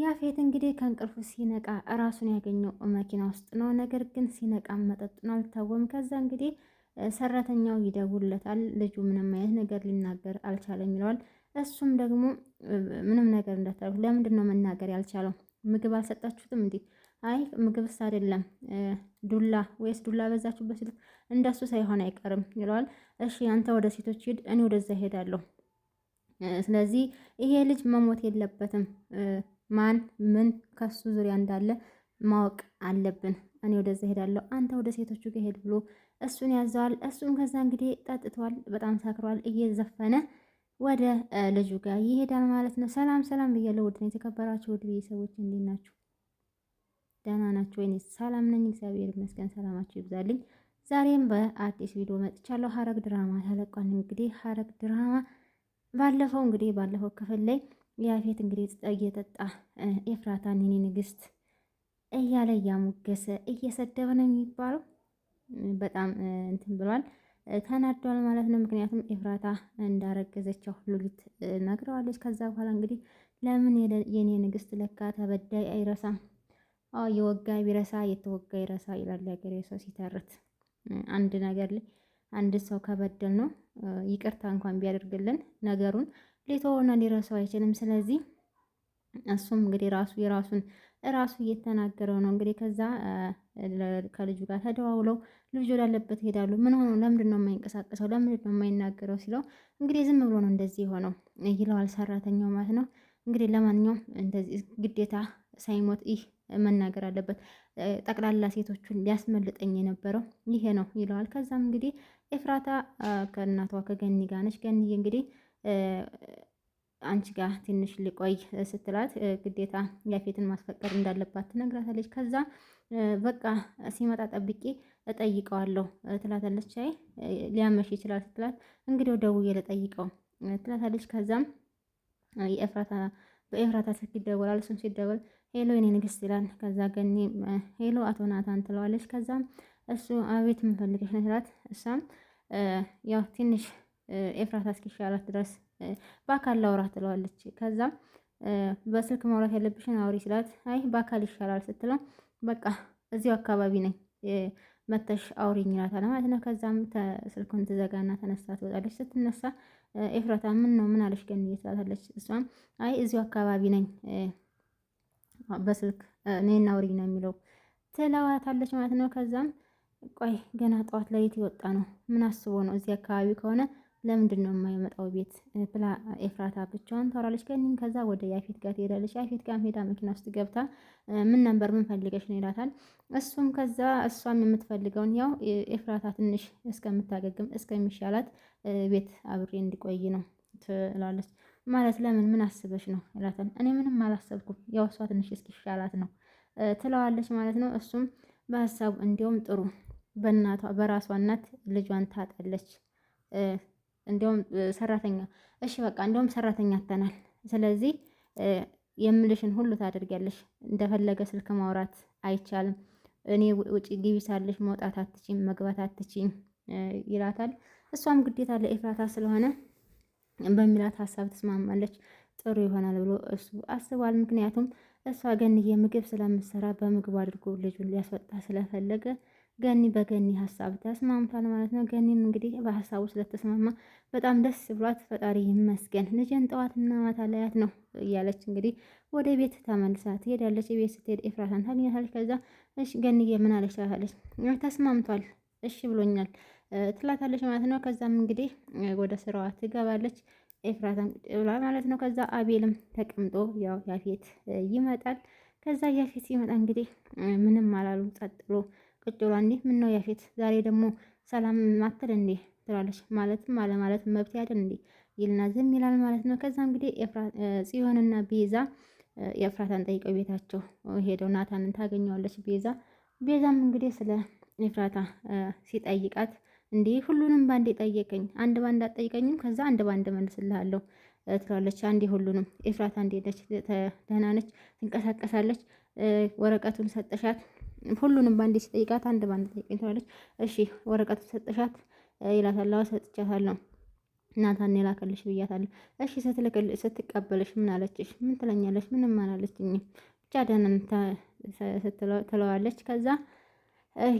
ያፌት እንግዲህ ከእንቅልፉ ሲነቃ እራሱን ያገኘው መኪና ውስጥ ነው። ነገር ግን ሲነቃ መጠጡን አልታወም። ከዛ እንግዲህ ሰራተኛው ይደውልለታል። ልጁ ምንም አይነት ነገር ሊናገር አልቻለም ይለዋል። እሱም ደግሞ ምንም ነገር እንዳታሉ ለምንድን ነው መናገር ያልቻለው? ምግብ አልሰጣችሁትም? እንዲህ አይ ምግብስ አይደለም ዱላ ወይስ ዱላ በዛችሁበት ሲሉት እንደሱ ሳይሆን አይቀርም ይለዋል። እሺ አንተ ወደ ሴቶች ሂድ፣ እኔ ወደዛ ሄዳለሁ። ስለዚህ ይሄ ልጅ መሞት የለበትም ማን ምን ከሱ ዙሪያ እንዳለ ማወቅ አለብን። እኔ ወደዛ ሄዳለሁ፣ አንተ ወደ ሴቶቹ ጋር ሄድ ብሎ እሱን ያዘዋል። እሱም ከዛ እንግዲህ ጠጥቷል፣ በጣም ሰክሯል። እየዘፈነ ወደ ልጁ ጋር ይሄዳል ማለት ነው። ሰላም ሰላም ብያለሁ። ውድ የተከበራችሁ ውድ ቤተሰቦች እንዴት ናችሁ? ደህና ናችሁ ወይ? ሰላም ነኝ፣ እግዚአብሔር ይመስገን። ሰላማችሁ ይብዛልኝ። ዛሬም በአዲስ ቪዲዮ መጥቻለሁ። ሀረግ ድራማ ተለቋል። እንግዲህ ሀረግ ድራማ ባለፈው እንግዲህ ባለፈው ክፍል ላይ ያፌት እንግዲህ እየጠጣ ኤፍራታን የኔ ንግስት እያለ እያሞገሰ እየሰደበ ነው የሚባለው። በጣም እንትን ብሏል፣ ተናዷል ማለት ነው። ምክንያቱም ኤፍራታ እንዳረገዘች ሉሊት ነግረዋለች። ከዛ በኋላ እንግዲህ ለምን የኔ ንግስት ለካ ተበዳይ አይረሳም፣ የወጋ ቢረሳ የተወጋ ይረሳ ይላል ያገሬ ሰው ሲተርት። አንድ ነገር ላይ አንድ ሰው ከበደል ነው ይቅርታ እንኳን ቢያደርግልን ነገሩን ሊተወውና ሊረሳው አይችልም። ስለዚህ እሱም እንግዲህ ራሱ የራሱን ራሱ እየተናገረው ነው እንግዲህ ከዛ ከልጁ ጋር ተደዋውለው ልጁ ወዳለበት ይሄዳሉ። ምን ሆኖ ለምንድን ነው የማይንቀሳቀሰው? ለምንድን ነው የማይናገረው? ሲለው እንግዲህ ዝም ብሎ ነው እንደዚህ የሆነው ይለዋል ሰራተኛው ማለት ነው። እንግዲህ ለማንኛውም እንደዚህ ግዴታ ሳይሞት ይህ መናገር አለበት። ጠቅላላ ሴቶቹን ሊያስመልጠኝ የነበረው ይሄ ነው ይለዋል። ከዛም እንግዲህ ኤፍራታ ከእናቷ ከገኒ ጋር ነች። ገኒ እንግዲህ አንቺ ጋር ትንሽ ልቆይ ስትላት ግዴታ ያፌትን ማስፈቀድ እንዳለባት ትነግራታለች። ከዛ በቃ ሲመጣ ጠብቄ እጠይቀዋለሁ ትላታለች። አይ ሊያመሽ ይችላል ስትላት እንግዲህ ደውዬ ልጠይቀው ትላታለች። ከዛም የኤፍራታ በኤፍራታ ስልክ ይደወላል። እሱም ሲደወል ሄሎ የኔ ንግስት ይላል። ከዛ ገኒ ሄሎ አቶ ናታን ትለዋለች። ከዛም እሱ አቤት የምፈልገሽ ነው ትላት። እሷም ያው ትንሽ ኤፍራት እስኪሻላት ድረስ በአካል ላውራ ትለዋለች። ከዛም በስልክ ማውራት ያለብሽን አውሪ ስላት አይ በአካል ይሻላል ስትለው በቃ እዚሁ አካባቢ ነኝ መተሽ አውሪኝ ይላታል ማለት ነው። ከዛም ስልኩን ትዘጋና ተነሳ ትወጣለች። ስትነሳ ኤፍራታ ምን ነው ምን አለሽ ገንዬ ትላታለች። እሷም አይ እዚሁ አካባቢ ነኝ በስልክ እኔና አውሪኝ ነው የሚለው ትለዋታለች ማለት ነው። ከዛም ቆይ ገና ጠዋት ለሊት የወጣ ነው ምን አስቦ ነው እዚህ አካባቢ ከሆነ ለምንድን ነው የማይመጣው ቤት ብላ ኤፍራታ ብቻዋን ታወራለች። ከኒም ከዛ ወደ ያፌት ጋር ትሄዳለች። ያፌት ጋር ሄዳ መኪና ውስጥ ገብታ ምን ነበር ምን ፈልገሽ ነው ይላታል። እሱም ከዛ እሷም የምትፈልገውን ያው ኤፍራታ ትንሽ እስከምታገግም እስከሚሻላት ቤት አብሬ እንዲቆይ ነው ትላለች። ማለት ለምን ምን አስበሽ ነው ይላታል። እኔ ምንም አላሰብኩም ያው እሷ ትንሽ እስኪሻላት ነው ትለዋለች ማለት ነው። እሱም በሀሳቡ እንዲያውም ጥሩ በእናቷ በራሷ እናት ልጇን ታጣለች እንዲያውም ሰራተኛ እሺ በቃ እንዲያውም ሰራተኛ አተናል። ስለዚህ የምልሽን ሁሉ ታደርጊያለሽ። እንደፈለገ ስልክ ማውራት አይቻልም። እኔ ውጪ ግቢ ሳለሽ መውጣት አትችም፣ መግባት አትችም ይላታል። እሷም ግዴታ ለኤፍራታ ስለሆነ በሚላት ሀሳብ ትስማማለች። ጥሩ ይሆናል ብሎ እሱ አስቧል። ምክንያቱም እሷ ገንዬ ምግብ ስለምሰራ በምግቡ አድርጎ ልጁን ሊያስወጣ ስለፈለገ ገኒ በገኒ ሀሳብ ተስማምቷል ማለት ነው። ገኒም እንግዲህ በሀሳቡ ስለተስማማ በጣም ደስ ብሏት ፈጣሪ ይመስገን ልጄን ጠዋትና ማታ ላያት ነው እያለች እንግዲህ ወደ ቤት ተመልሳ ትሄዳለች። ቤት ስትሄድ ኤፍራታን ታገኛታለች። ከዛ እሺ ገኒ ምን አለች ትላታለች። ተስማምቷል እሺ ብሎኛል ትላታለች ማለት ነው። ከዛም እንግዲህ ወደ ስራዋ ትገባለች። ኤፍራታን ቁጭ ብላ ማለት ነው። ከዛ አቤልም ተቀምጦ ያው ያፌት ይመጣል። ከዛ ያፌት ሲመጣ እንግዲህ ምንም አላሉ ጸጥ ብሎ ቁጭ ብላ እንዴ ምን ነው ያፌት ዛሬ ደግሞ ሰላም ማተል እንዴ ትላለች። ማለትም አለማለት መብት ያደል እንዴ ይልና ዝም ይላል ማለት ነው። ከዛ እንግዲህ ጽዮንና ቤዛ የፍራታን ጠይቀው ቤታቸው ሄደው ናታንን ታገኘዋለች። ቤዛ ቤዛም እንግዲህ ስለ ኤፍራታ ሲጠይቃት እንዲህ ሁሉንም ባንዴ ጠየቀኝ፣ አንድ ባንድ አጠይቀኝም፣ ከዛ አንድ ባንድ መልስልሃለሁ ትላለች። አንዴ ሁሉንም ኤፍራታ እንዴለች ነች? ደህና ነች? ትንቀሳቀሳለች? ወረቀቱን ሰጠሻት? ሁሉንም በአንዴ ሲጠይቃት አንድ በአንድ ጠይቀኝ ትላለች። እሺ ወረቀት ሰጥሻት ይላታል። ሰጥቻታለሁ ናታን የላከልሽ ብያታለሁ። እሺ ስትቀበልሽ ምን አለችሽ? ምን ትለኛለች? ምንም አላለችኝም ብቻ ደህና ትለዋለች። ከዛ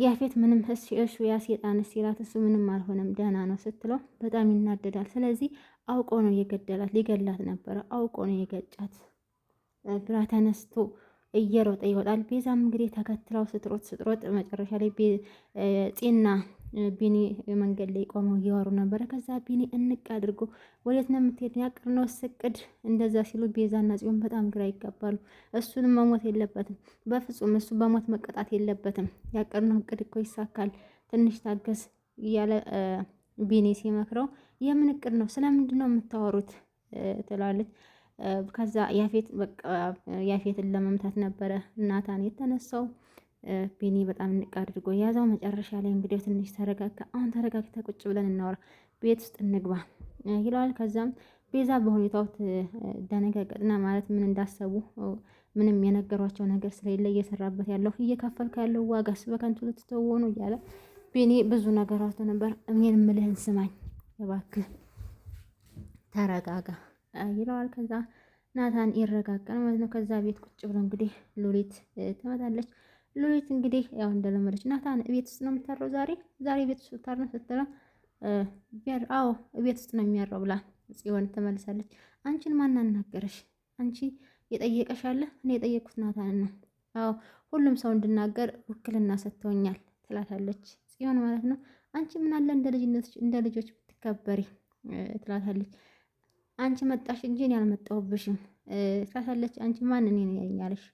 ያፌት ምንም እሱ ያስጣን ሲላት እሱ ምንም አልሆነም ደህና ነው ስትለው በጣም ይናደዳል። ስለዚህ አውቆ ነው የገደላት፣ ሊገላት ነበረ አውቆ ነው የገጫት ብላ ተነስቶ እየሮጠ ይወጣል። ቤዛም እንግዲህ ተከትለው ስትሮጥ ስትሮጥ መጨረሻ ላይ ጤና ቢኒ መንገድ ላይ ቆመው እያወሩ ነበረ። ከዛ ቢኒ እንቅ አድርጎ ወዴት ነው የምትሄድ? ነው እቅድ እንደዛ ሲሉ ቤዛና ጽዮን በጣም ግራ ይጋባሉ። እሱንም መሞት የለበትም በፍጹም እሱ በሞት መቀጣት የለበትም። ነው እቅድ እኮ ይሳካል፣ ትንሽ ታገስ እያለ ቢኒ ሲመክረው የምን እቅድ ነው ስለምንድን ነው የምታወሩት? ትላለች ከዛ ያፌት በቃ ያፌትን ለመምታት ነበረ ናታን የተነሳው። ቢኒ በጣም ንቅ አድርጎ የያዘው። መጨረሻ ላይ እንግዲህ ትንሽ ተረጋጋ። አሁን ተረጋግተ ቁጭ ብለን እናወራ፣ ቤት ውስጥ እንግባ ይለዋል። ከዛም ቤዛ በሁኔታው ደነገገጥና ማለት ምን እንዳሰቡ ምንም የነገሯቸው ነገር ስለሌለ እየሰራበት ያለው እየከፈልክ ያለው ዋጋስ በከንቱ ልትተወኑ እያለ ቢኒ ብዙ ነገር አውቶ ነበር። እኔን ምልህን ስማኝ እባክህ ተረጋጋ ይለዋል። ከዛ ናታን ይረጋጋል ማለት ነው። ከዛ ቤት ቁጭ ብሎ እንግዲህ ሉሊት ትመጣለች። ሉሊት እንግዲህ ያው እንደለመደች ናታን ቤት ውስጥ ነው የምታረው ዛሬ ዛሬ ቤት ውስጥ ታር ነው ስትለው አዎ ቤት ውስጥ ነው የሚያረው ብላ ጽዮን ትመልሳለች። አንቺን ማን አናገረሽ? አንቺ የጠየቀሽ አለ? እኔ የጠየቅኩት ናታን ነው። አዎ ሁሉም ሰው እንድናገር ውክልና ሰጥቶኛል ትላታለች ጽዮን ማለት ነው። አንቺ ምን አለ እንደ ልጆች ብትከበሪ ትላታለች። አንቺ መጣሽ እንጂ እኔ አልመጣሁብሽም ሳሳለች አንቺ ማን እኔ ያለሽ።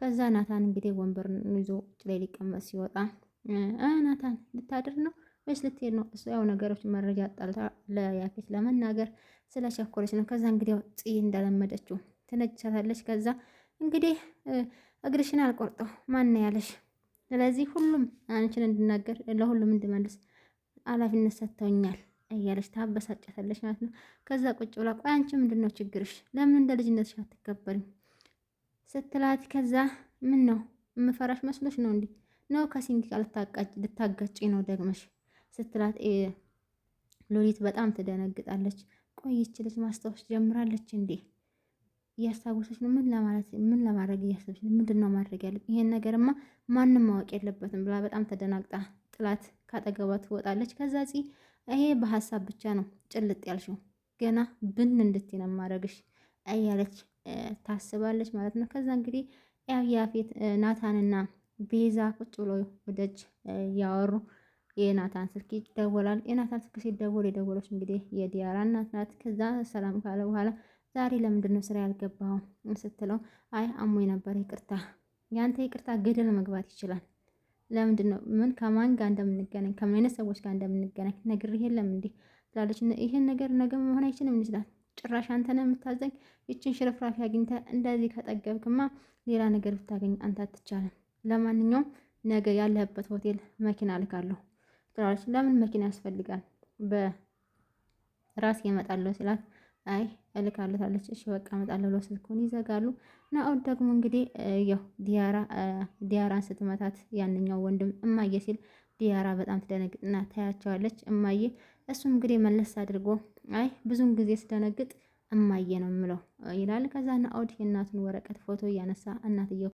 ከዛ ናታን እንግዲህ ወንበር ይዞ ውጭ ላይ ሊቀመጥ ሲወጣ ናታን ልታድር ነው ወይስ ልትሄድ ነው? እሱ ያው ነገሮች መረጃ አጣልታ ለያፌት ለመናገር ስለቸኮለች ነው። ከዛ እንግዲህ ያው ጽይ እንዳለመደችው ትነጅሳታለች። ከዛ እንግዲህ እግርሽን አልቆርጠው ማን ያለሽ። ስለዚህ ሁሉም አንቺን እንድናገር ለሁሉም እንድመልስ ኃላፊነት ሰጥተውኛል። እያለች ታበሳጫታለች ማለት ነው። ከዛ ቁጭ ብላ ቆይ አንቺ ምንድን ነው ችግርሽ? ለምን እንደ ልጅነትሽ አትከበሪም ስትላት ከዛ ምን ነው የምፈራሽ መስሎች ነው እንዴ? ነው ከሲንግ ጋር ልታጋጭ ነው ደግመሽ ስትላት ሎሊት በጣም ትደነግጣለች። ቆይች ልጅ ማስታወስ ጀምራለች እንዴ? እያስታወሰች ነው። ምን ለማለት ምን ለማድረግ እያሰበች ነው? ምንድን ነው ማድረግ ያለብኝ? ይሄን ነገርማ ማንም ማወቅ የለበትም ብላ በጣም ተደናግጣ ጥላት ካጠገቧ ትወጣለች። ከዛ ጽ ይሄ በሀሳብ ብቻ ነው ጭልጥ ያልሽው ገና ብን እንድትይ ነው ማድረግሽ እያለች ታስባለች ማለት ነው። ከዛ እንግዲህ ያፌት ናታንና ቤዛ ቁጭ ብሎ ወደጅ ያወሩ የናታን ስልክ ይደወላል። የናታን ስልክ ሲደወል የደወለች እንግዲህ የዲያራ እናት ናት። ከዛ ሰላም ካለ በኋላ ዛሬ ለምንድን ነው ስራ ያልገባው ስትለው አይ አሞኝ ነበር ይቅርታ። ያንተ ይቅርታ ገደል መግባት ይችላል ለምንድን ነው ምን ከማን ጋር እንደምንገናኝ ከምን አይነት ሰዎች ጋር እንደምንገናኝ ነግሬህ የለም እንዴ ትላለች። ይህን ነገር ነገ መሆን አይችልም ይችላል። ጭራሽ አንተነ የምታዘኝ። ይችን ሽርፍራፊ አግኝተህ እንደዚህ ከጠገብክማ ሌላ ነገር ብታገኝ አንተ አትቻልም። ለማንኛውም ነገ ያለህበት ሆቴል መኪና ልካለሁ ትላለች። ለምን መኪና ያስፈልጋል? በራሴ የመጣለሁ ሲላት አይ እልካለሁ ትላለች። እሺ በቃ እመጣለሁ ብሎ ስልኩን ይዘጋሉ። ናኦል ደግሞ እንግዲህ ያው ዲያራ ዲያራን ስትመታት ያንኛው ወንድም እማዬ ሲል ዲያራ በጣም ትደነግጥና ታያቸዋለች። እማዬ እሱም እንግዲህ መለስ አድርጎ አይ ብዙን ጊዜ ስደነግጥ እማዬ ነው ምለው ይላል። ከዛ ናኦድ የእናቱን ወረቀት ፎቶ እያነሳ እናትየው